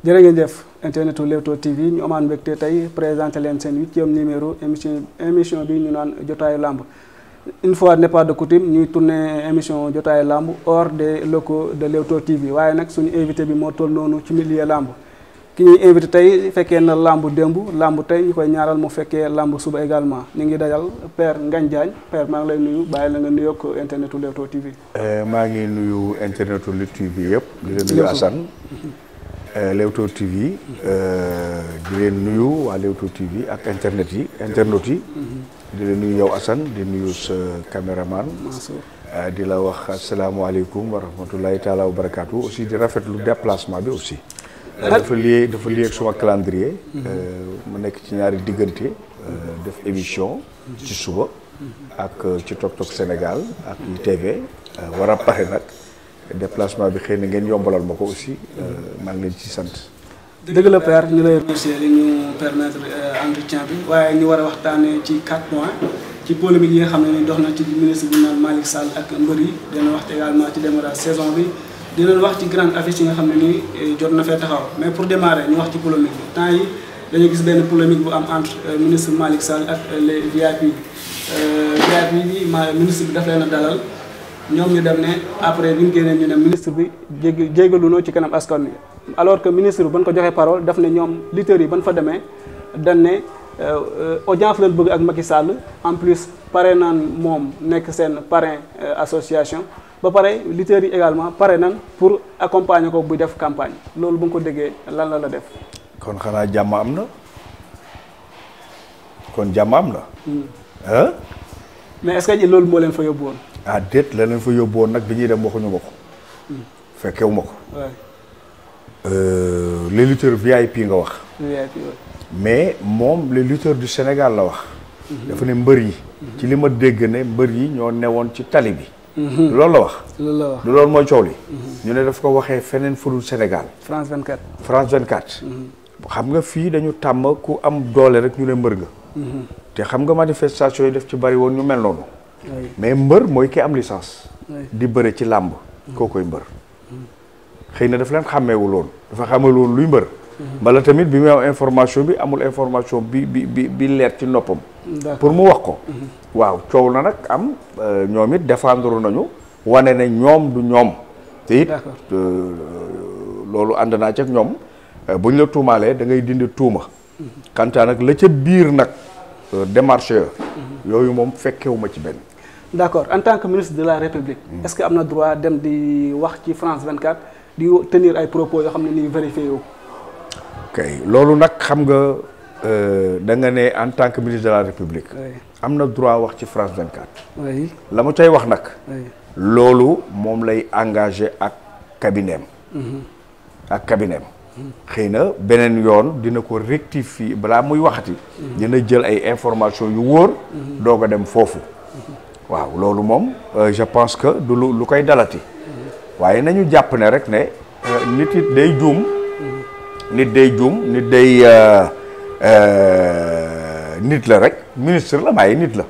jërë ngeen jëf internetu Leewtoo TV ñu amaan mbégte tey présenté leen seen huitième numéro émission émission bi ñu naan jotaayu làmb une fois n'est pas de coutume ñuy tourné émission jotaayu làmb hors des locaux de Leewtoo TV waaye nag suñu invité bi moo toll noonu ci millier làmb ki ñuy invité tey fekkee na làmb démb làmb tey ñu koy ñaaral mu fekkee làmb suba également ñu ngi dajal Père Ngagne Diagne Père maa ngi lay nuyu bàyyi la nga nuyoog internetu Leewtoo TV. Eh, maa ngi nuyu internetu Leewtoo TV yëpp. di Euh, Leewtoo TV euh, di leen nuyu waa Leewtoo TV ak internet yi internet yi mhm. di leen nuyu yow Assane di nuyu sa caméraman euh, di la wax asalaamaaleykum wa rahmatulahi taala wa barakaatu aussi di rafetlu déplacement bi aussi dafa lié dafa lié ak suma calendrier mu mhm. nekk ci ñaari diggante mhm. def émission ci suba ak ci Tok Tok Sénégal ak ITV war a pare nag déplacement bi xëy na ngeen yombalal ma ko aussi euh, maa ngi ci sant. dëgg la père ñu lay remercier li ñu permettre euh, entretien bi waaye ñu war a waxtaanee ci quatre points ci polémique yi nga xam ne dox na ci ministre bu naan Malick Sall ak mbër yi dina wax également ci démarrage saison bi dina wax ci grande affice yi nga xam ne nii euh, jot na fee taxaw mais pour démarrer ñu wax ci polémique bi temps yi dañoo gis benn polémique bu am entre ministre Malick Sall ak les VIP VIP bi ma ministre bi daf leen ñoom ñu dem ne après bi ñu génnee ñu ne ministre bi jég jégalu noo ci kanam askan wi alors que ministre bi ban ko joxee parole daf ne ñoom lutteurs yi ban fa demee dañ ne euh, euh, audience lañ bëgg ak Macky sàll en plus pare naan moom nekk seen parrain euh, association ba pare lutteurs yi également pare nan pour accompagner ko bu def campagne loolu bu nga ko déggee lan la la def. kon xanaa jàmm am na kon jàmm am na. Hmm. mais est loolu moo leen fa yóbbu woon. ah déet la leen fa yóbboon nag bi ñuy dem waxuñu ma ko fekkewu ma ko euh, les via VIP nga wax mais moom les lutteurs du Sénégal la wax mhm. dafa ne mbër yi mhm. ci li ma dégg ne mbër yi ñoo newoon ci tali bi mhm. loolu la wax du loolu mooy coow li ñu ne daf ko waxee feneen fudul Sénégal France 24 France 24 xam nga fii dañu tàmm ku am doole rek ñu ne mbër nga te xam nga manifestation yi def ci bari woon ñu mel noonu mais mbër mooy ki am licence. di bëre ci làmb. Mm. koo koy mbër. Mm. xëy na daf leen xàmmeewul woon dafa xàmmewul woon luy mbër. Mm. mbala tamit bi muy am information bi amul information bi bi bi leer ci noppam. pour mu wax ko. Mm-hmm. waaw coow na nag am euh, ñoom it défendre nañu wane ne ñoom du ñoom. te euh, loolu ànd naa ci ak ñoom euh, bu ñu la tuumaalee da ngay dindi tuuma. Mm-hmm. kantaa nag la ca biir nag démarché mm-hmm. yooyu moom fekkewuma ci benn. d' accord en tant que ministre de la république. Hmm. est ce que am na droit dem di wax ci France 24 di tenir ay propos yoo xam ne nii vérifié wu. kay loolu nag xam nga euh, da nga ne en tant que ministre de la république. am na droit wax ci France 24. oui la mu cay wax nag. loolu moom lay engagé ak cabineem. Hmm. ak cabineem. Hmm. xëy na beneen yoon dina ko rectifier balaa muy waxati. dina jël ay information yu wóor. doog a dem foofu. waaw loolu moom euh, je pense que du lu lu koy dalati waaye nañu jàpp ne rek ne euh, nit it day juum nit day juum nit day euh, nit la rek ministre la waaye nit la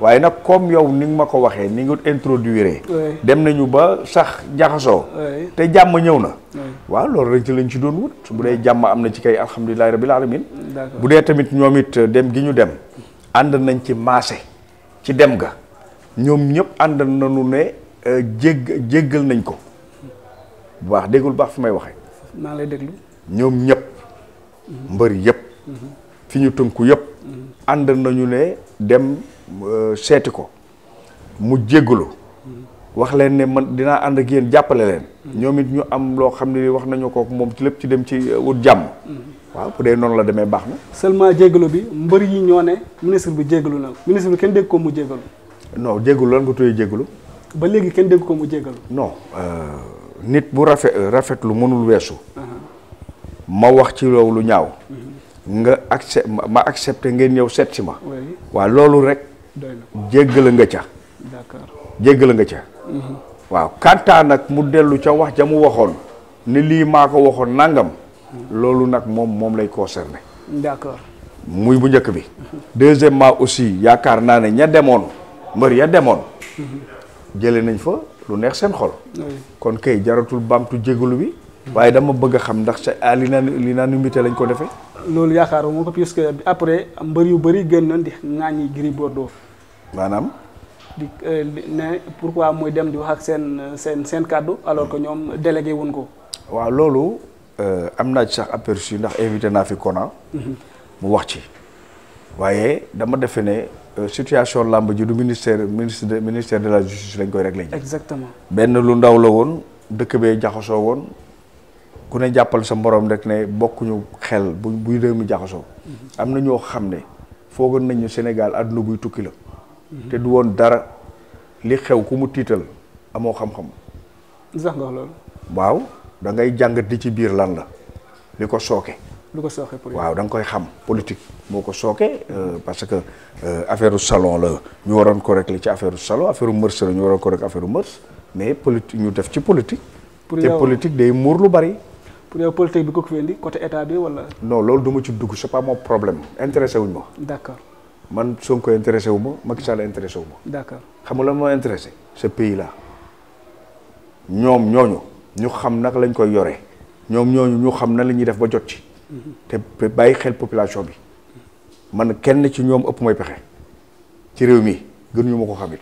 waaye nag comme yow ni nga ma ko waxee ni nga introduire dem nañu ba sax jaxasoo te jàmm ñëw na waaw loolu rek ci lañ ci doon wut bu dee jàmm am na ci kay alhamdulilahi rabil alamin bu dee tamit ñoom it dem gi ñu dem ànd nañ ci maase ci dem ga ñoom ñëpp ànd nañu ne euh, jégg jéggal nañ ko bu baax déggul baax fi may waxee. naa lay déglu. ñoom ñëpp. Mm-hmm. mbër yëpp. Mm-hmm. fi ñu tënku yépp mm-hmm. ànd nañu ne dem euh, seeti ko mu jéggalu. wax leen ne man dinaa ànd ak yéen jàppale leen. ñoom it ñu am loo xam ne wax nañu ko moom ci lépp ci dem ci euh, wut jàmm. waaw bu dee noonu la demee baax na. seulement jéggalu bi mbër yi ñoo ne ministre bi jéggalu na ministre bi kenn dégg ko mu jéggalu. no jégalu lan nga tuddee jégalu. ba léegi kenn dégg ko mu jégalu. non euh, nit bu rafet rafetlu mënul weesu. Uh-huh. ma wax ci loolu ñaaw. Uh-huh. nga accep ma accepté ngeen ñëw seet si ma. waa loolu rek. jéggala nga ca. d'accord nga ca. Uh-huh. waaw kantaa nag mu dellu ca wax ja mu waxoon ni lii maa ko waxoon nangam. loolu nag moom moom lay concerné. d'accord muy bu njëkk bi. deuxièmement aussi yaakaar naa ne ña demoon. mbër ya demoon mhm. jële nañ fa lu neex seen xol kon kay jaratul baamtu jégalu wi waaye dama bëgg a xam ndax ah, li naa l'unanimité lañ ko defee loolu yaakaar yaakaaruma moo ko puisque après mbër yu bëri gën na di ŋaañi Gris Bordeaux maanaam di pour euh, pourquoi muy dem di wax ak seen seen seen kàddu alors que ñoom mm. délégué wun ko waaw loolu euh, am naa ci sax aperçu ndax invité naa fi Kona mhm. mu wax ci waaye dama defe ne Euh, situation làmb ji du ministère ministre de ministère de la justice lañ koy réglé. exactement benn lu ndaw la woon dëkk bee jaxasoo woon ku ne jàppal sa mboroom rek ne bokkuñu xel bu buy réew jaxasoo. Mhm. am na ñoo xam ne foogoon nañu Sénégal àdduna buy tukki la. te du woon dara li xew ku mu tiital amoo xam-xam. sax nga waaw da ngay jàngat di ci biir lan la li ko sooke. lu ko sooxee pour waaw danga koy xam politique moo ko sookee euh, parce que euh, affaire salon la ñu waroon ko régler ci affaire salon affaire mërs la ñu waroon ko régler affaire mërs mais politique ñu def ci politique. te politique day muur lu bari. pour yow politique bi ko fi indi côté état bi wala. non loolu duma ci dugg c'est pas mon problème intéressé wuñ ma. d'accord man Sonko intéressé wu ma Macky Sall intéressé wu ma. d'accord xam nga lan moo intéressé. ce pays là ñoom ñooñu ñu xam naka lañ koy yore ñoom ñooñu ñu xam na la ñuy def ba jot ci. te bàyyi xel population bi man kenn ci ñoom ëpp mooy pexe ci réew mi gënuñu ma ko xamit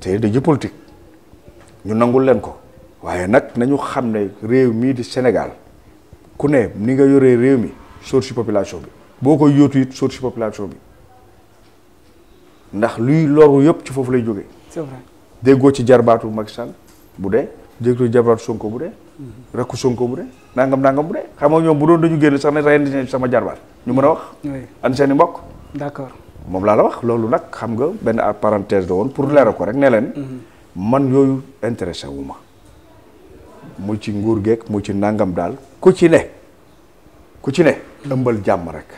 te dañuy politique ñu nangul leen ko waaye nag nañu xam ne réew mii di Sénégal ku ne ni nga yore réew mi sóor si population bi boo koy yóotu it sóor si population bi ndax luy loru yëpp ci foofu lay jóge déggoo ci jarbaatu Macky Sall bu dee déggoo ci jarbaatu Sonko bu dee. Mm-hmm. rekku Sonko bu de nangam nangam bu de xam nga ñoom bu doon dañu génn sax ne rey sama jarbaat ñu mën a wax. an seen i mbokk. d'accord moom laa la wax loolu nag xam nga benn parenthèse la woon pour leeral ko rek ne leen. Mm-hmm. man yooyu intéressé wu ma. mu ci nguur geek mu ci nangam daal ku ci ne ku ci ne. Mm-hmm. ëmbal jàmm rek.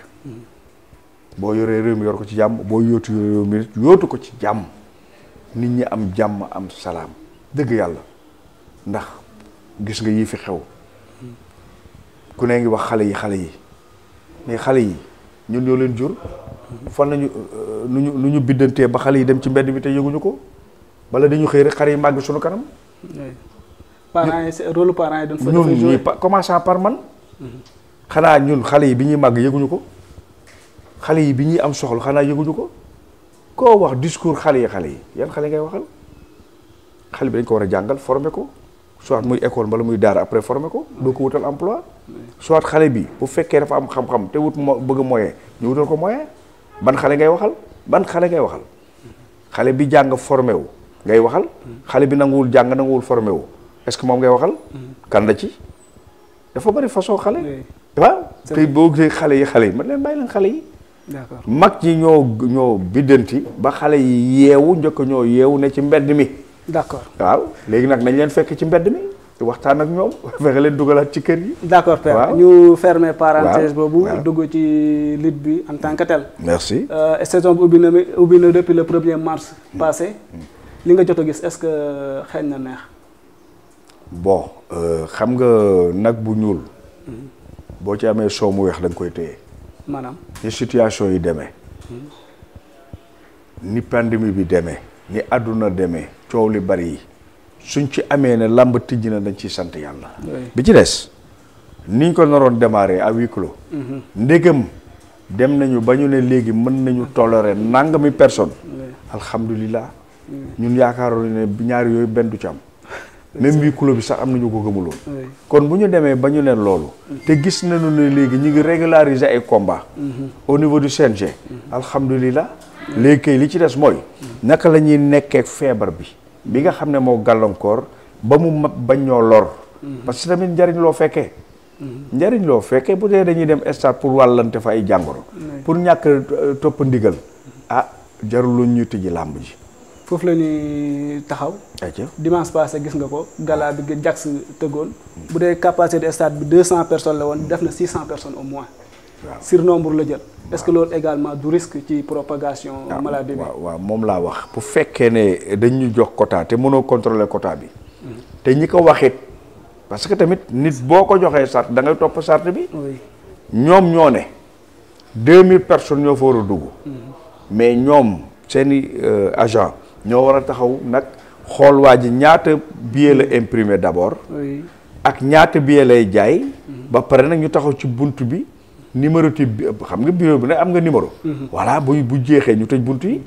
boo yoree réew mi yor ko ci jàmm boo yóotu réew mi yóotu ko ci jàmm nit ñi am jàmm am salaam dëgg yàlla ndax. gis nga yii fi xew ku ne ngi wax xale yi xale yi mais xale yi ñun ñoo leen jur fan nañu euh, nu ñu nu ñu biddantee ba xale yi dem ci mbedd bi tey yëguñu ko bala dañu xëy rek xale yi màgg suñu kanam parents yi rôle parents yi dañ fa ñun xanaa ñun xale yi bi ñuy màgg yéguñu ko xale yi bi ñuy am soxla xanaa yëguñu ko koo wax discours xale yi xale yi yan xale ngay waxal xale bi dañ ko war a jàngal formé ko soit muy école mbala muy daara après formé ko doo ko wutal emploi soit xale bi bu fekkee dafa am xam-xam te wut mo bëgg moyen ñu wutal ko moyen ban xale ngay waxal ban xale ngay waxal xale bi jàng formé wu ngay waxal xale bi nanguwul jàng nanguwul formé wu est que moom ngay waxal kan ci dafa bari façon xale waaw te boo gisee xale yi xale yi man leen bàyyi xale yi d'accord mag ñi ñoo ñoo biddanti ba xale yi yeewu njëkk ñoo yeewu ne ci mbedd mi d'accord waaw léegi nag nañ leen fekk ci mbedd mi waxtaan ak ñoom fexe leen dugalaat ci kër yi. d'accord père ñu fermer parenthèse boobu dugg ci lutte bi en tant que tel. merci euh, saison bi ubbi na ubbi na depuis le premier mars hmm. passé hmm. li nga jot a gis est-ce que euh, xeeñ na neex. bon euh, xam nga nag bu ñuul. Hmm. boo ci amee soow mu weex da koy téye. maanaam ni situation yi demee. ni pandémie bi demee. ni àdduna deme coow li bari yi suñ ci amee ne làmb tijji na dañ ciy sant yàlla. bi ci des niñ ko naroon démarrer à huis clos. Mhm. ndegam dem nañu ba ñu ne léegi mën nañu tolérer mi personne. alhamdulilah. ñun yaakaar yaakaaroon ne ñaari yooyu benn du ci am. même huis clos bi sax am nañu ko gëmuloon kon bu ñu demee ba ñu ne loolu mhm. te gis nañu ne léegi ñu ngi régulariser ay combat mhm. au niveau de CNG alhamdulilah léegi kay li ci des mooy naka la ñuy nekkee feebar bi bi nga xam ne moo gàllankoor ba mu mab bañ ñoo lor. Mhm. parce que tamit njariñ loo fekkee. Mhm. njariñ loo fekkee bu dee dañuy dem stade pour wàllante fa ay jàngoro. pour ñàkk euh, topp ndigal. Mhm. ah jarul lu ñu tijji làmb ji. foofu la ñuy taxaw. dimanche passé gis nga ko gala bi nga jagsi tëggoon. bu dee capacité de stade bi deux cent personnes la woon def na six cent personnes au moins. surnombre la jël est-ce que loolu également du risque ci propagation ah, maladie bi waaw waaw moom laa wax bu fekkee ne dañ ñu jox quota te mënoo contrôler quota bi mhm. te ñi ko waxit parce que tamit nit boo ko joxee charte da ngay topp charte bi ñoom ñoo ne deux mille personnes ñoo fa war a dugg mhm. mais ñoom seeni euh, agent ñoo war a taxaw nag xool waa ji ñaata billet la imprimer d'abord ak ñaata billet lay jaay mhm. ba pare nag ñu taxaw ci bunt bi numéro ti xam nga bureau bi ne am nga numéro. Mhm. voilà bu bu jeexee ñu tëj bunt yi.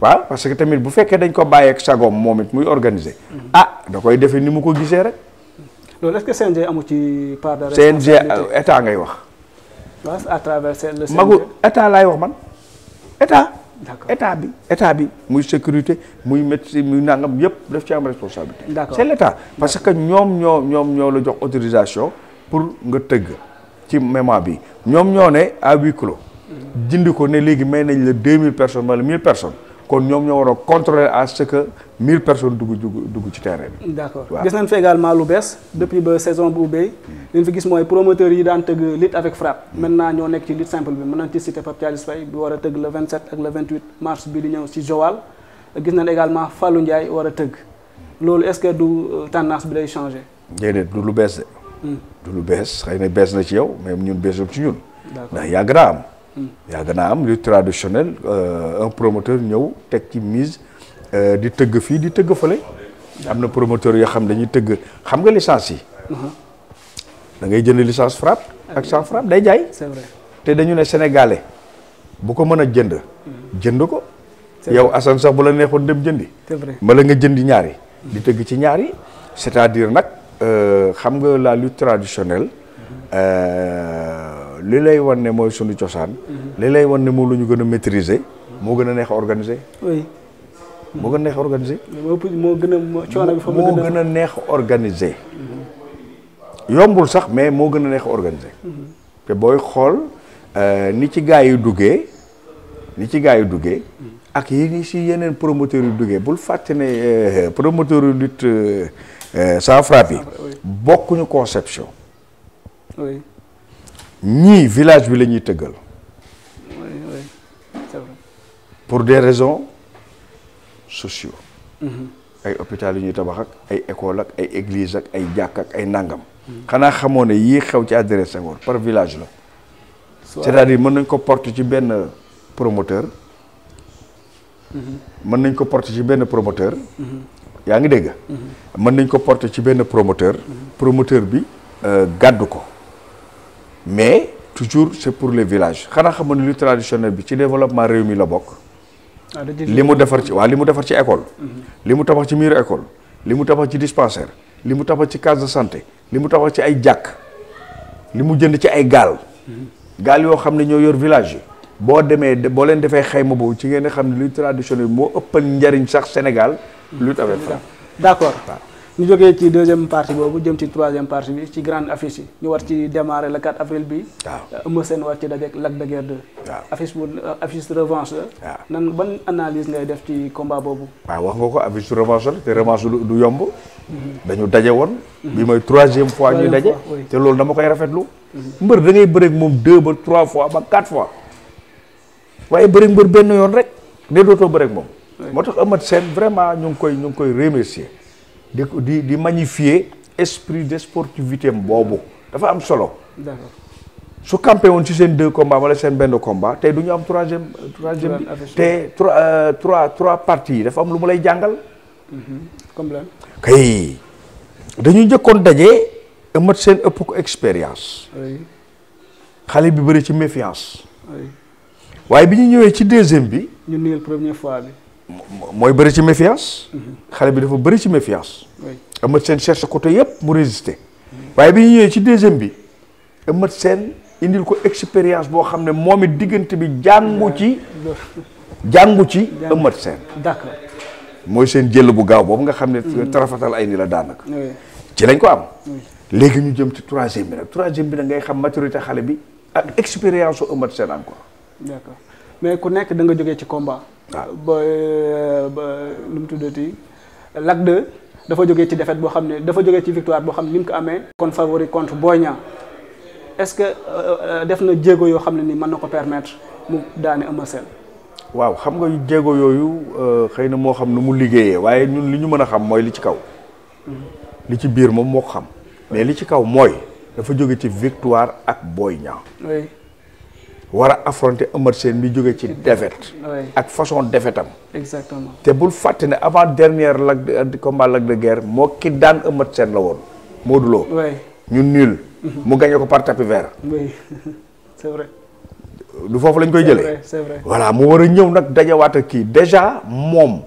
waaw parce que tamit bu fekkee dañ ko bàyyeek sagoom moom it muy organiser. Mhm. ah da koy defee ni mu ko gisee rek. loolu est-ce que CNG amu ci part de responsabilité CNG euh, état ngay wax. waaw à travers le CNG magu laay wax man état. d'accord état bi état bi muy sécurité muy médecine muy nangam yëpp daf ci am responsabilité. d'accord c'est l'état parce que ñoom ñoo ñoom ñoo la jox autorisation pour nga tëgg. ci mémoire bi ñoom ñoo ne à huis clos jindi ko ne léegi may nañ la deux mille personnes wala mille personnes kon ñoom ñoo war a contrôler à ce que mille personnes dugg dugg ci terrain bi. d' accord gis nañ fi également lu bees depuis ba saison bu ubbee. Hmm. li ñu fi gis mooy promoteurs yi daan tëgg lutte avec frappe. Hmm. maintenant ñoo nekk ci lutte simple bi mën nañ ci cité Pape Thialis Faye bi war a tëgg le 27 ak le 28 mars bi di ñëw si Joal gis nañ également Fallou Ndiaye war a tëgg hmm. loolu est ce que du euh, tendance bi day changé. déedéet du lu bees de. du lu bees xëy na bees na ci yow mais ñun beesul ci ñun. ndax yàgg naa am. Hmm. yàgg naa am lu traditionnel euh, un promoteur ñëw teg ci mise euh, di tëgg fii di tëgg fële. am na promoteur yoo xam dañuy tëgg xam nga licence yi. Uh-huh. da ngay jënd licence frappe ak sans frappe day jaay. c'est te dañu ne sénégalais bu ko mën a jënd. Hmm. jënd ko. yow Assane sax bu la neexoon dem jëndi. c'est vrai mala nga jëndi ñaari. di hmm. tëgg ci ñaari c'est-à-dire nag. Euh, xam nga la lutte traditionnelle euh, li lay wan ne mooy sunu cosaan li lay wan ne moom lu ñu gën a maîtriser moo gën a neex organiser moo gën a neex organiser moo gën a coono bi fa moo gën neex organiser yombul sax mais moo gën a neex organiser te booy xool euh, ni ci gaa yi duggee ni ci gaa yi duggee ak yi ni si yeneen promoteurs yu duggee bul fàtte ne promoteur yu lutte sans eh, frappe yi ah, bokkuñu conception ñii village bi la ñuy tëggal pour des raisons sociaux mhm. ay hôpital yu ñuy tabax ay école ak ay église ak ay jàkk ak ay nàngam mhm. xanaa xamoo ne yii xew ci adresse Senghor par village la cest à mën nañ ko porter ci benn promoteur mhm. mën nañ ko porter ci benn promoteur yaa ngi dégg. mën nañ ko porter ci benn promoteur. promoteur bi euh, gàddu ko mais toujours c'est pour les villages xanaa xam nga lu traditionnel bi ci développement réew mi la bokk. Ah, li mu defar ci waa li mu defar ci école. Mm-hmm. li mu tabax ci miiru école. li mu tabax ci dispensaire. li mu tabax ci case de santé. li mu tabax ci ay jàkk. li mu jënd ci ay gaal. Mm-hmm. gaal yoo xam ne ñoo yor village yi. boo demee boo leen defee xayma boobu ci ngeen xam ne luy traditionnel moo ëppal njariñ sax Sénégal. lutte avec d' accord ñu jógee ci deuxième partie boobu jëm ci troisième partie bi ci grande affiche yi ñu war ci démarrer la 4 avril bi waaw euh, Eumeu seen war ci dajeek Lac de Guiers 2 waaw affiche bu euh, affiche revanche la waaw nan ban analyse ngay def ci combat boobu waaw wax nga ko affiche revanche la te revanche du yomb mhm. dañu daje woon mhm. bi mooy troisième fois ñuy daje te loolu dama koy rafetlu mhm. mbër da ngay bëreek moom deux ba trois fois ba quatre fois waaye bëreek mbër benn yoon rek ne dootoo bëreek moo tax Amath seen vraiment ñu ngi koy ñu ngi koy remercier di di di magnifier esprit de sportivité boobu dafa am solo. su campé woon si seen deux combats wala seen benn combat tey du ñu am troisième. troisième bi te trois euh, trois trois partie yi dafa am lu mu lay jàngal. Mm-hmm. comme lan. kay dañu njëkkoon daje Amath Sène ëpp ko expérience. xale bi bëri ci méfiance. waaye bi ñu ñëwee ci deuxième bi. ñu niil première fois bi. mooy bëri ci méfiance. xale bi dafa bëri ci méfiance. Eumeu Sène cherche côté yëpp mu résister. waaye bi ñu ñëwee ci deuxième bi Eumeu seen indil ko expérience boo xam ne moom it diggante bi jàngu ci. jàngu ci Eumeu Sène. d'accord mooy seen jël bu gaaw boobu nga xam ne. Mm-hmm. tarafatal ay ni la daanaka. ci lañ ko am. léegi ñu jëm ci troisième bi nag troisième bi nag ngay xam maturité xale bi ak expérience su Eumeu Sène encore. d'accord ku nekk da nga jógee ci combat. waaw ba lu mu tuddati Lac 2 dafa jóge ci defet boo xam ne dafa jóge ci victoire boo xam ne ni mu ko amee. kon favori contre Boy Niang est-ce que euh, euh, def na jéego yoo xam ne ni mën na ko permettre mu daane Eumeu Sène. waaw xam nga jéego yooyu euh, xëy na moo xam nu mu liggéeyee waaye ñun li ñu mën a xam mooy li ci kaw. Mm-hmm. li ci biir moom moo xam. mais li ci kaw mooy dafa jóge ci victoire ak Boy Niang. war a affronter Eumeu bi mi jóge ci défaite ak façon defetam am te bul fàtte ne avant dernière lag euh, combat lag de guerre moo ki daan Eumeu Sène la woon Modou Lo ñu nul mhm. mu gagné ko par tapis du foofu lañ koy jëlee c'est voilà mu war a ñëw nag dajawaat ak kii déjà moom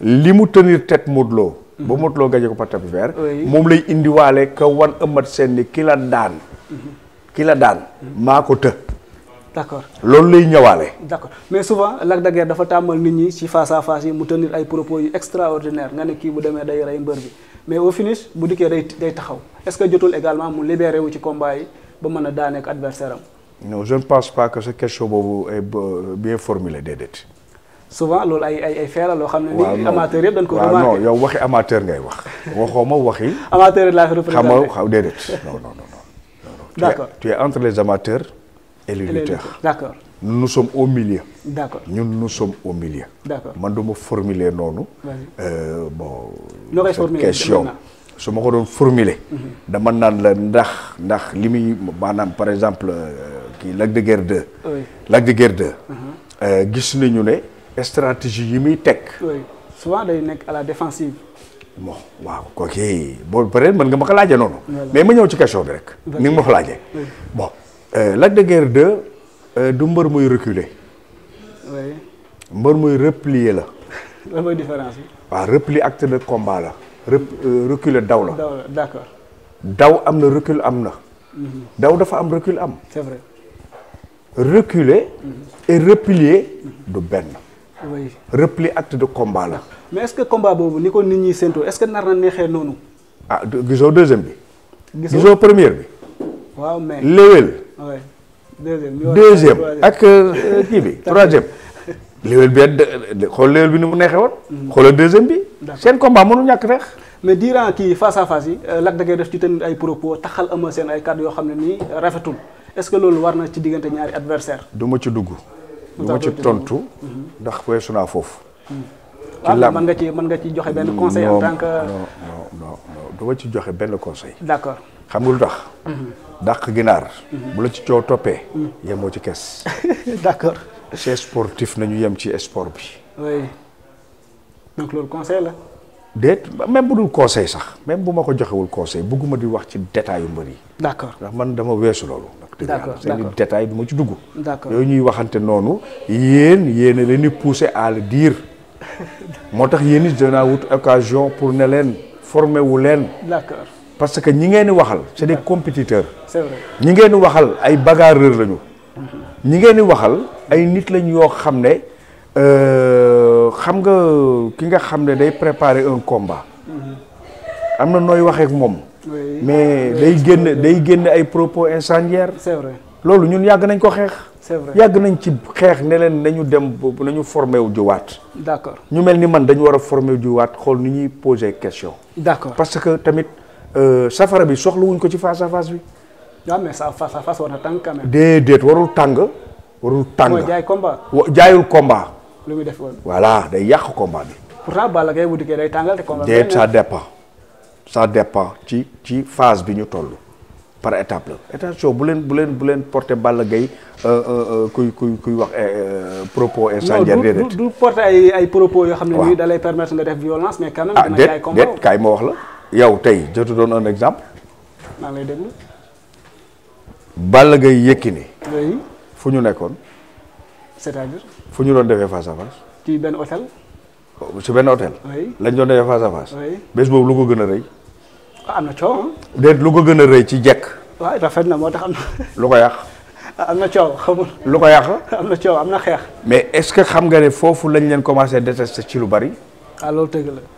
li mu tenir tête Modou Lo mhm. ba Modou ko part tapis vert moom lay indiwaale ka wan Eumeu seen ni ki la daan mhm. ki la daan maa ko të d'accord loolu lay ñëwaale. d'accord mais souvent Lac de dafa tàmmal nit ñi ci face à yi mu tenir ay propos yu extraordinaire nga ne kii bu demee day rey mbër bi mais au finish bu dikkee day day taxaw est-ce que jotul également mu libéré wu ci combat yi ba mën a daaneek adversaire am. non je ne sa question boobu est bien formulée déedéet. souvent loolu ay ay ay feera loo xam ne. nii amateur yëpp dañ ko remarqué waaw non yow waxi amateur ngay wax waxoo ma waxi. amateur laa fi représenté xam nga déedéet non non non. d'accord et le lutteur. d'accord nous sommes au milieu. d'accord ñun nous sommes au milieu. d'accord man du ma noonu. Euh, question su ma ko doon formuler. Mhm. dama naan la ndax ndax li muy maanaam par exemple euh, kii Lac de Guerre 2. oui Lac de Guerre 2. Mhm. Euh, gis nañu ne stratégie yi muy teg. souvent day nekk à la défensive. bon waaw kooku boo peut-être mën nga ma ko laajee noonu. mais ma ñëw ci question bi rek. ni nga ma ko laajee Euh, Lac de Guiers 2 euh, du mbër muy reculer. mbër muy replier la. lan différence bi. waaw repli act de combat la. rep euh, reculer daw la. daw la d'accord. am na recul am na. Mhm. daw dafa am recule am. c'est vrai. reculer. Mhm. et replier mhm. du benn. oui repli act de combat la. mais est-ce que combat boobu ni ko nit ñi séntu est-ce que nar na neexee noonu. ah gisoo deuxième bi. gisoo gisoo première bi. waaw mais léwél. deuxième ak euh, kii bi troisième léwél bi xool léwél bi ni mu neexee woon mhm. xoolal deuxième bi seen combat mënu ñàkk rek mais durant kii face à face yi euh, Lac da def ci tamit ay propos taxal ama seen ay kàddu yoo xam ne nii rafetul est-ce que loolu war na ci diggante ñaari adversaire du ma ci dugg du ma ci tontu mhm. ndax weesu foofu mhm. ci làmb mën nga ci mën nga ci joxe benn mm, conseil en tant que non du ma ci joxe benn conseil d'accord xam nga lu tax dàq ginaar. Mhm. bu la ci coow toppee. Mhm. yemoo ci kes. d'accord. chez sportif nañu yem ci sport bi. oui conseil la. déet même bu dul conseil sax même bu ma ko joxewul conseil bëgguma di wax ci détail yu mbëri. d'accord ndax man dama weesu loolu. d'accord seeni détail du ma ci dugg. d'accord yooyu ñuy waxante noonu yéen yéen a leen di pousser à le dire moo tax yéen it dinaa wut occasion pour ne leen former wu leen. d'accord. parce que ñi ngeen di waxal c'est des compétiteurs. c'est vrai ñi ngeen di waxal ay bagarreurs lañu. ñi ngeen di waxal ay nit lañ yoo xam ne euh, xam nga ki nga xam ne day préparer un combat. am na nooy waxee ak moom. mais day génn day génn ay propos incendiaires. c'est loolu ñun yàgg nañ ko xeex. c'est yàgg nañ ci xeex ne leen nañu dem nañu formé wu juwaat. d'accord ñu mel ni man dañu war a formé juwaat xool ni ñuy poser question. parce que tamit. Euh, safara bi soxlawuñ ko ci face à face bi. waaw mais sa face à face war na tàng quand warul tàng. warul tàng mooy jaay combat. wa jaayul combat. lu muy def day yàq komba bi. pourtant Balla Gaye bu dikkee day tàngal te combat. déet ça dépend ça dépend ci ci phase bi ñu toll. par étape la attention bu leen bu leen bu leen porté Balla Gaye euh, euh, kuy kuy kuy wax eh, propos incendiaire déedéet. du du porté ay propos yoo xam ne nii da lay permettre nga def violence mais quand même. ah déet déet kaay moo wax la. yow tey jotu doon un exemple. maa ngi lay déglu. fu ñu nekkoon. cest à fu ñu doon defee face à face. ci benn hôtel. Oh, ci benn hôtel. oui lañ doon defee face à face. bés boobu lu ko gën a rëy. Ah, am na coow. déet lu ko gën a rëy ci jekk. waaw rafet na moo tax am na. lu ko yàq. Ah, am na coow xamul. lu ko yàq. am na coow am na xeex. mais est-ce que xam nga ne foofu lañ leen commencé détester ci lu bari. ah la.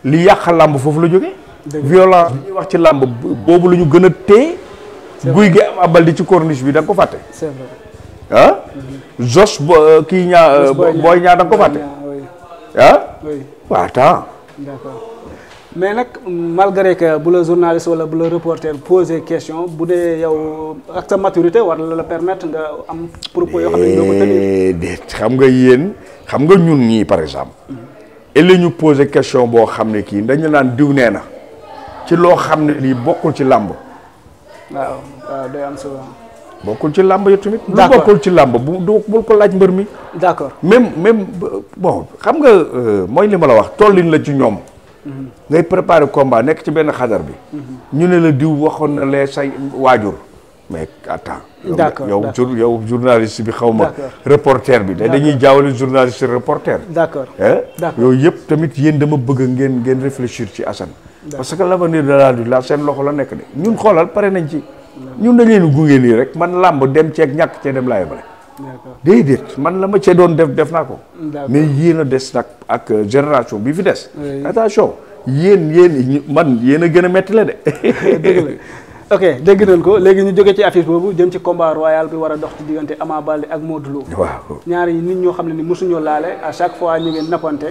li yàq làmb foofu la jógee. violence wax ci làmb boobu la ñu gën a téye guy gi am abal di ci corniche bi da ko fàtte c'est vrai ah jos bo euh, kii ñaa euh, booy ñaa da ko fàtte ah waaw temps mais nag malgré que bu la journaliste wala bu la reporter poser question bu dee yow ak sa maturité war la la permettre nga am propos yoo xam nga yéen xam nga ñun ñii par exemple. Mm-hmm. et ñu poser question boo xam ne kii dañu naan diw nee na. ci loo xam ne lii bokkul ci làmb. waaw bokkul ci làmb yi tamit. lu ci làmb bu du bul ko laaj mbër mi. d'accord même même bon xam nga euh, mooy li ma la wax tollin la ci ñoom. Mhm. ngay préparer combat nekk ci benn xadar bi. Mhm. ñu ne la diw waxoon na lee say waajur. mais attends. d'accord yow jour yow journaliste bi xaw ma. reporter bi dañuy jaawale journaliste reporter. d'accord d'accord yooyu yëpp tamit yéen dama bëgg ngeen ngeen réfléchir ci Assane. parce que l' avenir de la lutte la seen loxo la nekk de ñun xoolal pare nañ ci. ñun dañ leen gunge nii rek man làmb dem ceek ñàkk cee dem laay bare. déedéet man la ma cee doon def def naa ko. mais yéen a des nag ak euh, generation bi fi des. attention yéen yéen man yéen a gën a metti la de. ok dégg nañ ko léegi ñu jóge ci affiche boobu jëm ci combat royal bi war a dox ci diggante Ama Baldé ak Modou Lô. waaw ñaari nit ñoo xam ne ni mosuñoo laale à chaque fois ñu ngi nappante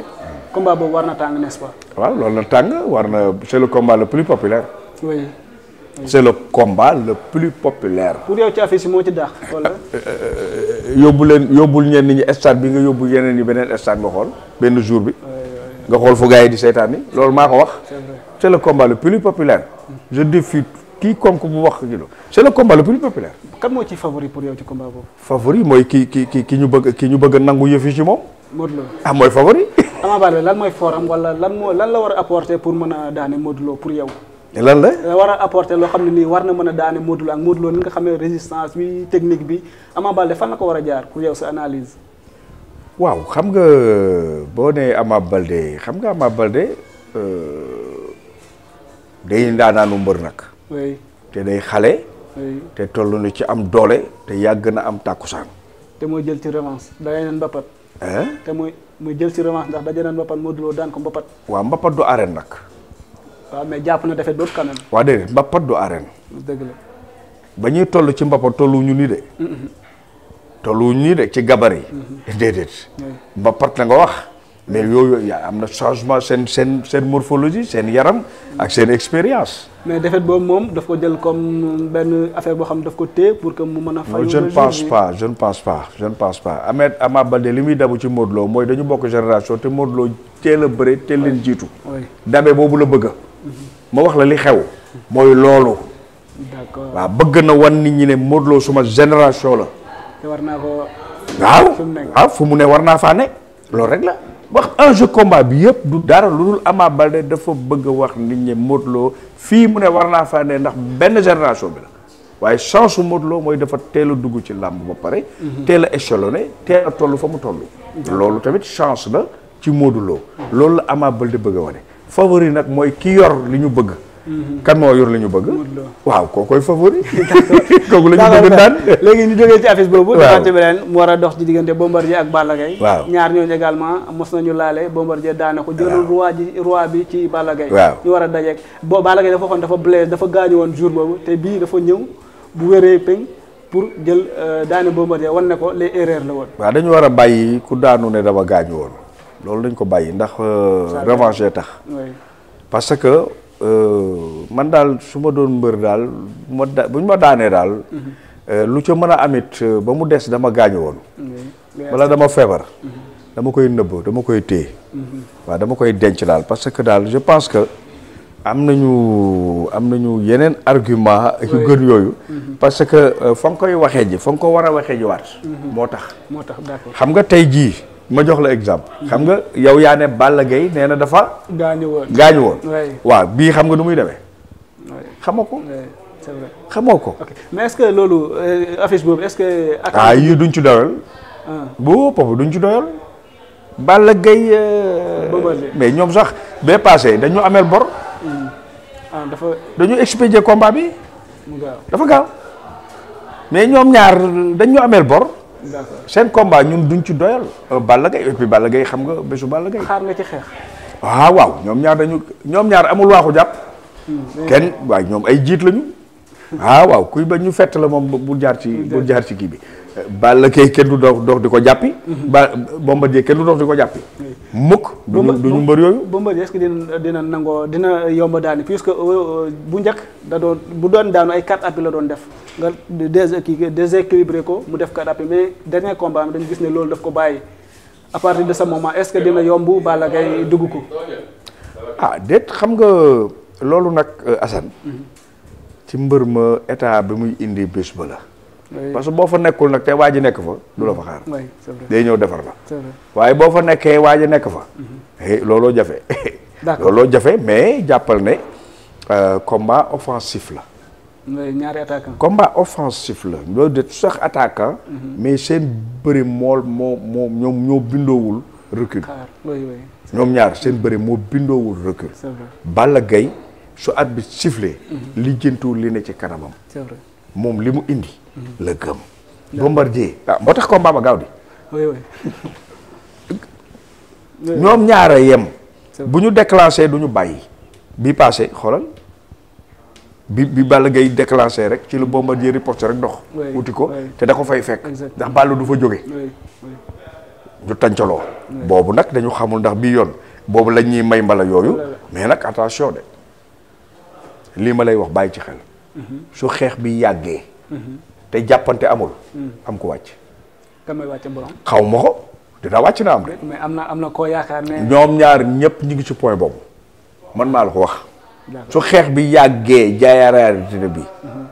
combat boobu war na tàng nest waaw loolu na tàng war na c'est le combat le plus populaire. oui. c'est le combat le plus populaire. pour yow ci affiche moo ci dàq. wala euh, yóbbu leen yóbbul ñenn ñi stade bi nga yóbbu yeneen yi beneen stade nga xool benn jour bi. nga xool fu gars di seetaan loolu maa ko wax. c'est le combat le quiconque bu wax kii la c' est le combat le plus populaire. kan moo ci favori pour yow ci combat boobu. favori mooy ki ki ki ki ñu bëgg ki ñu bëgg nangu yëf yi ci moom. Modou Lo ah mooy favori. Ama Baldé lan mooy foram wala lan moo lan la war a apporter pour mën a daane Modou Lo pour yow. lan la la war a apporter loo xam ne nii war na mën a daane Modou Lo ak Modou Lo ni nga xamee résistance bi technique bi Ama Baldé fan la ko war a jaar pour yow sa analyse. waaw xam nga boo nee Ama Baldé xam nga Ama Baldé euh, day ndaanaanu mbër nag. te day xale. te toll na ci am doole te yàgg na am tàkkusaan te mooy jël ci revanche daje na mbapat. te muy muy jël ci revanche ndax daje na mbapat Modou Lo daan ko mbapat. waaw mbapat du arène nag. waaw jàpp na defet boobu quand même. waa déedéet mbapat du arène. dëgg ba ñuy toll ci mbapat ñu nii de. tolluñu nii de ci gabar yi. déedéet. mbapat la nga wax. mais yooyu am na changement seen seen seen morphologie seen yaram ak seen expérience. mais défaite boobu moom daf ko jël comme benn affaire boo xam daf ko téye pour que mu mën a. fayu je ne pense pas je pas je ne pense pas Ahmed Ama Baldé li muy dabu ci Modou mooy dañu bokk génération te Modou Lo teel a bëre teel leen jiitu. dabe boobu la bëgg. ma wax la li xew. mooy loolu. d'accord bëgg na wan nit ñi ne Modou suma génération la. war naa ko. waaw waaw fu mu ne war naa faa ne loolu rek la. wax enjeu combat bi yëpp du dara lu dul Ama Baldé dafa bëgg wax nit ñi Modou fii mu ne war naa faa ndax benn génération bi la waaye chance su mooy dafa teel a dugg ci làmb ba pare. Mhm. teel a échelonné teel a toll fa mu toll. loolu tamit chance la ci Modou loolu la Ama Baldé bëgg a wane favori nag mooy kii yor li ñu bëgg. kan moo yor li ñu bëgg. waaw koo koy favori. kooku la ñu bëgg daan léegi ñu jógee ci affiche boobu. defante beneen mu war a dox ci diggante Bombardier ak Balla Gaye. waaw ñaar ñooñu également mos nañu laale Bombardier daane ko. waaw jëloon roi bi ci Balla ñu war a dajeeg bo Balla Gaye dafa waxoon dafa blessé dafa gaañu woon jour boobu te bii dafa ñëw bu wéree peñ pour jël euh, daane Bombardier wan ne ko les erreurs la woon. waa dañu war a bàyyi ku daanu ne dafa gaañu woon loolu dañ ko bàyyi ndax euh, revanche tax parce que Euh, man daal su ma doon mbër daal ma da bu ñu ma daanee daal. Mm-hmm. lu ca mën a amit euh, ba mu des dama gaañu woon. Mm-hmm. wala dama feebar. Mm-hmm. dama koy nëbb dama koy téye. waaw dama koy denc daal parce que daal je pense que am nañu am nañu yeneen argument ak gën yooyu. parce que euh, fa nga koy waxee ji fa nga ko war a waxee ji waat. moo tax moo tax xam nga tey jii. ma jox la exemple. xam nga yow yaa ne Balla Gaye nee na dafa. gaañu woon gaañu woon. waaw bii xam nga nu muy demee. xamoo ko. c'est xamoo ko. mais est que loolu euh, affiche boobu est-ce que. ah yii duñ ci doyal. Ah. bu pop duñ ci doyal. Balla Gaye. Euh, mais ñoom sax bee passé dañu ameel bor. Hmm. Ah, dafa. dañu expédier combat bi. dafa gaaw mais ñoom ñaar dañu ameel bor. seen combat ñun duñ ci doyal. Euh, Balla Gaye et puis Balla Gaye xam nga bésu Balla Gaye. xaar nga ci xeex. waaw ah, waaw ñoom ñaar dañu ñoom ñaar amul waaxu jàpp. Hmm, kenn waaye ñoom ay jiit lañu. waaw ah, waaw kuy ba ñu fett la moom bu jaar ci hmm, bu jaar ci kii bi. Balla Gaye kenn du dox di ko jàppi. Mhm. ba Bombardier kenn du dox di ko jàppi. mukk du ñu du ñu mbër yooyu. Bombardier est-ce que dina dina nangoo dina yomb daani que euh, euh, bu njëkk da doon bu doon daanu ay quatre appuis la doon def nga des kii déséquilibré ko mu def quatre appuis mais dernier combat am dañu gis ne loolu daf ko bàyyi à partir de sa moment est-ce que dina yomb Balla Gaye dugg ko. ah déet xam nga loolu nag euh, Assane. Mhm. ci mbër ma état bi muy indi bés la. parce que boo fa nekkul nag te waa ji nekk fa du la fa xaar day ñëw defar la waaye boo fa nekkee waa ji nekk fa mhm. eh, looloo jafe looloo jafe mais jàppal ne euh, combat offensif la ñaari attaquant combat offensif la loolu de sax attaquant mhm. mais seen bëri mool moo moo ñoom ñoo bindoowul recul ñoom ñaar seen bëri moo bindoowul recul Balla Gaye su at bi sifflé mhm. li jëntuwul li ne ci kanamam moom li mu indi la gëm. Bombardier waaw ah, moo tax combat ba gaaw di. ñoom ñaara yem. bu ñu déclenché du ñu bàyyi. bi passé xoolal bi bi Balla gay déclenché rek ci lu Bombardier riposte rek dox. wuti ko te da ko fay fekk. ndax Balla du fa jóge ñu tàncaloo. boobu nag dañu xamul ndax bii yoon boobu lañ ñuy may mbala yooyu. mais nag attention de lii ma lay wax bàyyi ci xel. Mhm. su xeex bi yàggee. Mhm. te jàppante amul. Hmm. am ko wàcc. kan mooy wàcc xaw ma ko dina wàcc na am de. mais am na am na koo yaakaar ne. ñoom ñaar ñëpp ñu ngi ci point boobu man maa la ko wax. su xeex bi yàggee jaayaaraale bi. Hmm.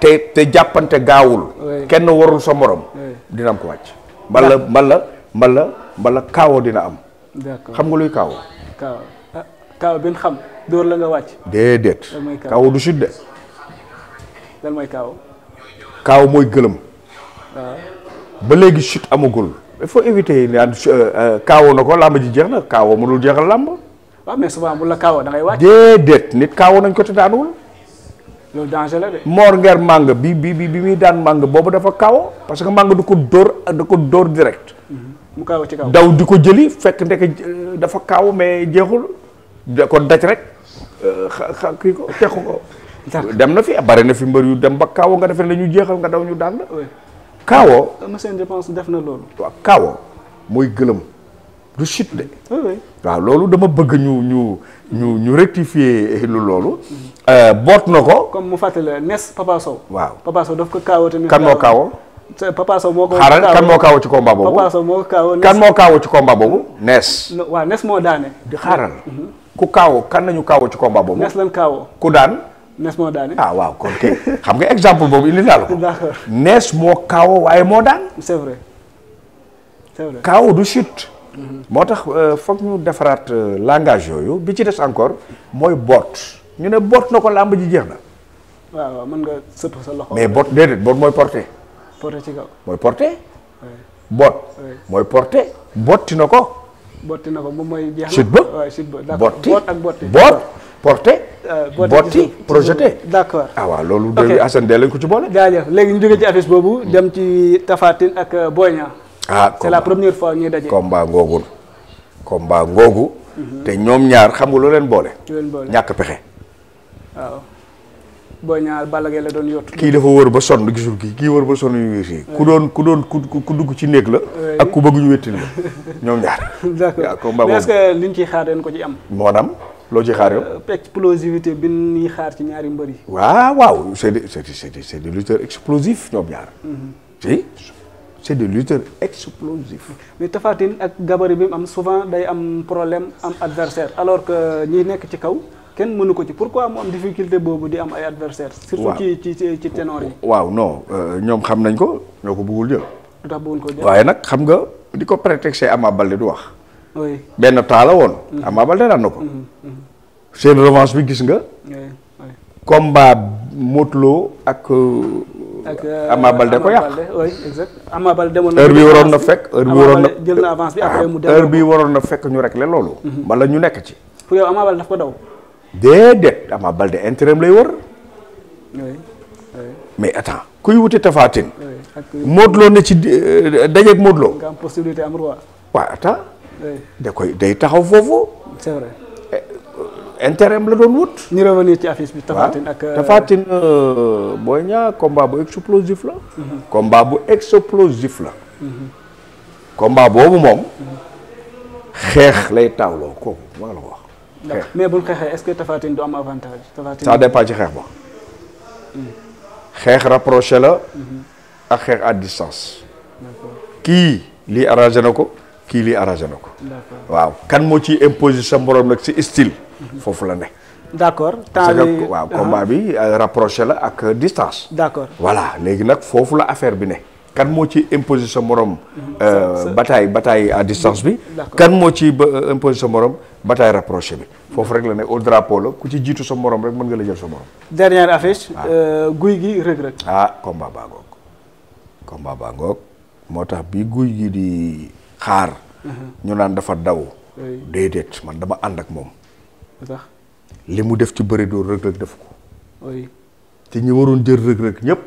te te jàppante gaawul. kenn warul sa morom. dina am ko wàcc. mbala mbala mbala mbala kaawo dina am. xam nga luy kaawo. kaawo ah bi xam dóor la nga wàcc. déedéet. kaawo du sud de. lan kaaw mooy gëlëm. Ah. ba léegi chute amagul. il faut éviter naan euh, euh, kaawoo na ko làmb ji jeex na kaawoo mënul jeexal làmb. waaw mais souvent la kaawoo da ngay déedéet nit kaawoo nañ ko te daanuwul. loolu danger la bi bi bi bi muy daan màng boobu dafa kaaw parce que Manga du ko dóor da ko direct. Mm-hmm. mu di ko jëli fekk ndeke euh, dafa kaaw mais jeexul da ko daj rek kii ko texu ko. dem na fi bari na fi mbër yu dem ba kaawo nga defe ne ñu jeexal nga daw ñu daan la kaawo euh, def na loolu waaw kaawo mooy gëlëm loolu dama bëgg ñu ñu ñu ñu rectifier loolu euh, boot na ko comme mu fàttali nes Papa Sow waaw daf ko kaawo tamit kan moo kaawo Papa Sow moo ko xaaral kan moo kaawoo ci combat boobu Papa Sow moo ko kaawoo kan moo kaawoo nañu kaawoo ci combat boobu nees lan kaawoo ku daan nees moo daane. Ah, waaw kon kay xam nga exemple boobu indi naa la ko. nees moo kaawoo waaye moo daan. c'est vrai du chute. Mhm. moo tax euh, foog ñu defaraat euh, langage yooyu bi ci des encore mooy boot ñu ne boot na ko làmb ji jeex na. mën nga sëpp sa loxo. mais boot déedéet mooy porté. porté ci kaw mooy porté. boot mooy porté. botti na ko. botti na ko moom mooy jeex na chute ba. waaw chute boot ak boot porté. Euh, booti projeté d'accord ah waaw loolu de Assane de lañ ko ci boole jaajëf léegi ñu jógee ci affiche boobu hmm. dem ci Tapha Tine ak euh, Boy Niang ah fois ñuy daje combat ngoogu mhm. te ñoom ñaar xam nga lu leen boole ñàkk pexe waaw Boy Niang Balla Gaye doon yottu kii dafa wër ba sonn gisul kii kii wër ba sonn ñu ku doon ku doon ku dugg ci néeg la ak ku bëgg ñu wéttil la ñoom ñaar d'accord est-ce que liñ ciy xaar den ko ci am moo loo ci xaar yow. Euh, explosivité bi ñuy xaar ci ñaari mbëri yi. waaw waaw c' est des c' est des c' est ñoom ñaar. Mm-hmm. si c' est des lutteurs explosifs. mais Tapha ak gabarit bi mu am souvent day am problème am adversaire alors que ñi nekk ci kaw kenn mënu ko ci pourquoi mu am difficulté boobu di am ay adversaire surtout ci ci ci ténor yi. waaw non euh, ñoom xam nañ ko ñoo ko bëggul jël. lu tax bëggul ko jël waaye nag xam nga di ko prétexte Ama Baldé du wax. benn temps la woon. Mm-hmm. Ama Baldé daan ko. Mm-hmm. Mm-hmm. seen revanche bi gis nga. combat Modou Lo ak. Euh, ak euh, Ama ko yàq. oui demoon na. bi waroon na fekk heure bi waroon na. bi après ah, na fekk ñu régler loolu. wala ñu nekk ci. pour yow Ama Baldé lay wër. mais attends kuy wuti Tapha Tine. ak Modou Lo ne ci euh, dajeeg Modou Lo. nga da koy day taxaw foofu. c'est vrai. Eh, la doon wut. ñu revenir ci affiche bi. Tafatine ak euh, Tafatine euh, booy ñaa combat bu explosif la. Mhm. combat bu explosif la. Mhm. combat boobu moom. xeex lay taawloo kooku maa la ko wax. xeex mais bul ce que Tafatine du am avantage. Tafatine ça dépend ci xeex ba. Hmm. xeex rapproché la. Mhm. ak xeex à kii lii arrangé na ko. kii lii arrangé na ko. waaw kan moo ci imposé sa moroom nag si style. foofu la ne. d' accord temps bi waaw uh-huh. combat bi euh, rapproché la ak euh, distance. d' accord voilà léegi nag foofu la affaire bi ne. kan moo ci imposé sa morom. Euh, bataille bataille à distance bi. kan moo ci ba imposé sa morom bataille rapproché bi. foofu rek la ne au ku ci jiitu sa morom rek mën nga la jël sa morom. dernière guy gi rëg baa ngoog moo tax bi guy gi di xaar. Uh-huh. ñoo naan dafa daw. déedéet man dama ànd ak moom. li mu def ci bëri doo Reug Reug def ko. te ñu waroon jël Reug Reug ñëpp.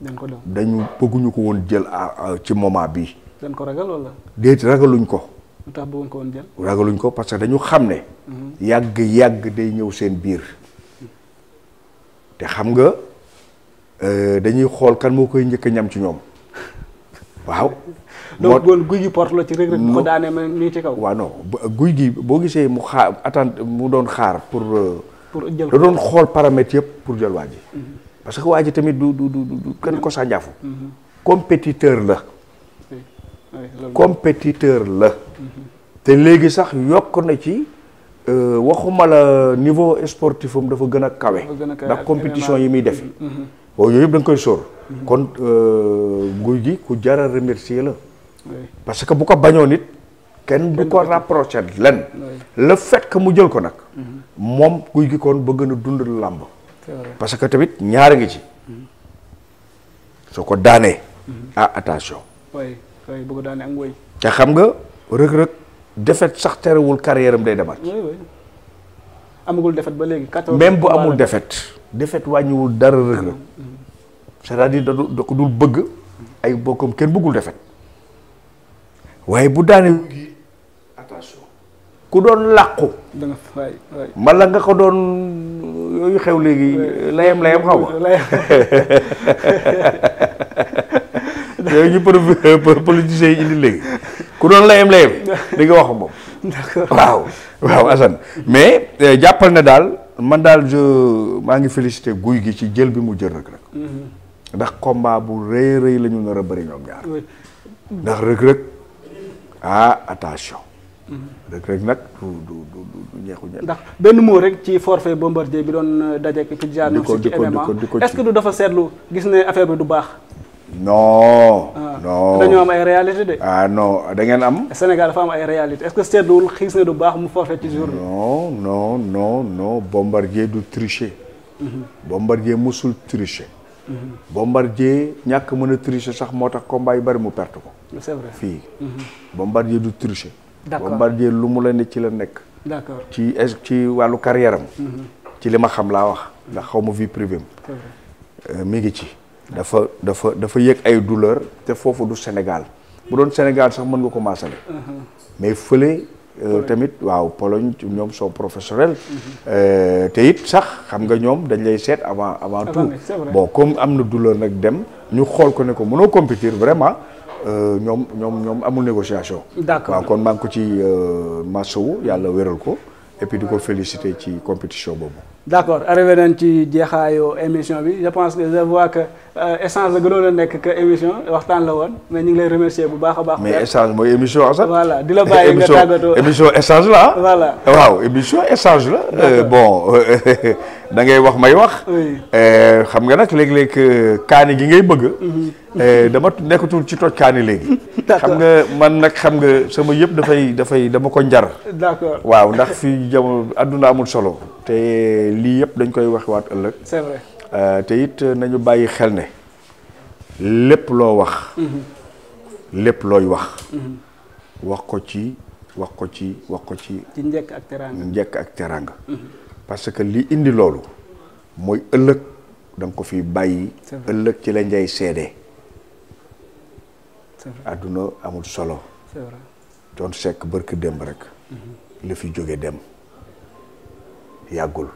dañ ko dañu bëgguñu ko woon jël ah, ah, ci moment bi dañ ko ragal wala. déet ragaluñ ko. lu tax bëgguñ ko ragaluñ ko parce que dañu xam ne. Mm-hmm. yàgg yàgg day ñëw seen biir. te xam nga euh, dañuy xool kan moo koy njëkk a ñam ci ñoom waaw. donc góol guy gi porte la ci rek rek bu ko daanee ma ci kaw waaw guy gi boo gisee mu xaar attente mu doon xaar pour euh, pour jël da doon xool paramètres yëpp pour jël waa ji mhm. parce que waa ji tamit du du du du kenn ko sànjaafu mhm. compétiteur la compétiteur la mhm. te léegi sax yokk na ci euh, waxuma la niveau sportif dafa gën a kawe ndax compétition yi muy def. waaw yooyu yëpp da koy sóor kon euh, guy gi ku jar a la parce que bu ko bañoo nit kenn du ko rapproché lenn le fait que mu jël ko nag mhm. moom guy gi bëgg ba gën a dundal làmb parce que tamit ñaari ngi ci mhm. soo ko daanee mhm. ah attention ca xam nga rëg defet sax terewul carrière day demaat amagul defet ba léegi même bu amul defet defet wàññiwul dara rëg cest c'est-à-dire da ko dul bëgg ay bokkam kenn bëggul defet waaye bu daaneel ku doon làqu mbala nga ko doon yooyu xew léegi layam layam xaw ma yooyu ñu euh, politiciens yi indi léegi ku doon layam layam di nga wax moom waaw waaw Assane mais euh, jàppal na daal man daal je maa ngi félicité guy gi ci jël bi mu jël rek rek mm-hmm. ndax combat bu rëy rëy la nar a bëri ñoom ñaar ndax rek rek ah attention. rek mm-hmm. rek nag du du du ñeexu ñeex. ndax benn moo rek ci forfait bombardier bi doon euh, daje ak Tijaan. di ko di ko di ko est-ce que du dafa seetlu gis ne affaire bi du baax. non. Ah. non dañoo am ay réalité de. ah non da ngeen am. Sénégal dafa am ay réalité est-ce que seetluwul xiis ne du baax mu forfait ci jour non non non non bombardier du tricher. Mm-hmm. bombardier musul tricher. Mm-hmm. bombardier ñàkk mën a tricher sax moo tax combat yu bari mu perte ko. c'est vrai fii. Mhm. Bombardier du tricher. d'accord Bombardier lu mu la ci la nekk. d'accord ci ci wàllu carrière mhm. ci li ma xam laa wax ndax xaw ma vie privée am. Euh, mi ngi ci. dafa dafa dafa yëg ay douleur te foofu du Sénégal mu doon Sénégal sax mën nga ko maasale. Mhm. mais fële. Euh, tamit waaw Pologne ñoom sont professionnels. Euh, te it sax xam nga ñoom dañ lay seet avant avant tout bon comme am na douleur nag dem ñu xool ko ne ko mënoo compétir vraiment. Euh, ñoom ñoom ñoom amul négociation. d'accord waaw kon maa ngi ko ci euh, masawu yàlla wéral ko et puis ko féliciter ci compétition boobu. d'accord arrivé nañ ci jeexaayu émission bi je pense que je vois que. Euh, échange la gënoon a nekk que émission waxtaan la woon mais ñu ngi lay remercier bu baax a baax. mais échange mooy émission di la bàyyi nga tàggatoo émission échange la waaw émission échange la. Euh, bon da ngay wax may wax. Euh, xam nga nag léeg-léeg kaani gi ngay bëgg. Mhm. dama nekkatul ci toj kaani léegi. xam nga man nag xam nga sama yëpp dafay dafay dama ko njar. d'accord waaw ndax fii jamono àdduna amul solo. te lii yëpp dañ koy wax waat ëllëg. Euh, te it euh, nañu bàyyi xel ne lépp loo wax mhm. lépp looy wax mhm. wax ko ci wax ko ci wax ko ci ci njëkk ak teraanga njëkk ak teraanga mhm. parce que li indi loolu mooy ëllëg da ko fi bàyyi ëllëg ci la njay seede àdduna amul solo doon sekk bërk démb rek li fi jóge dem yàggul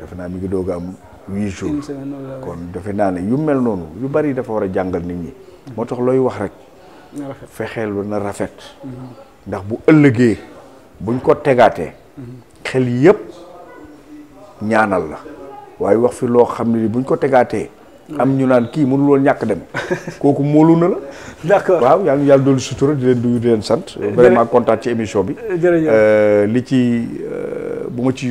defe naa mi ngi doog am huit jours kon defe naa ne yu mel noonu yu bari dafa war a jàngal nit ñi mm-hmm. moo tax looy wax rek fexeelu na rafet mm-hmm. ndax bu ëllëgee buñ ko tegaatee mm-hmm. xel yépp ñaanal la waaye wax fi loo xam ne ni buñ ko tegaatee am ñu naan kii mënul loolu ñàkk dem kooku moolu na la d'accord waaw yàlla yàlla doolu sutura di leen duyu di leen sant vraiment kontaan ci émission bi euh, li ci euh, bu ma ci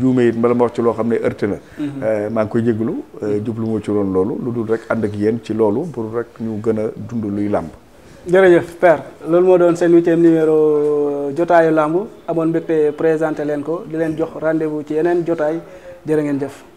juumee it mbala ma wax ci loo xam ne heurté na mhm. euh, maa ngi koy jéglu euh, mhm. jublu moo ci loon loolu lu dul rek ànd ak yéen ci loolu pour rek ñu gën a dund luy làmb jërëjëf père loolu moo doon seen huitième numéro euh, jotaayu làmb amoon mbégte présenté leen ko di leen jox rendez-vous ci yeneen jotaay jërë ngeen jëf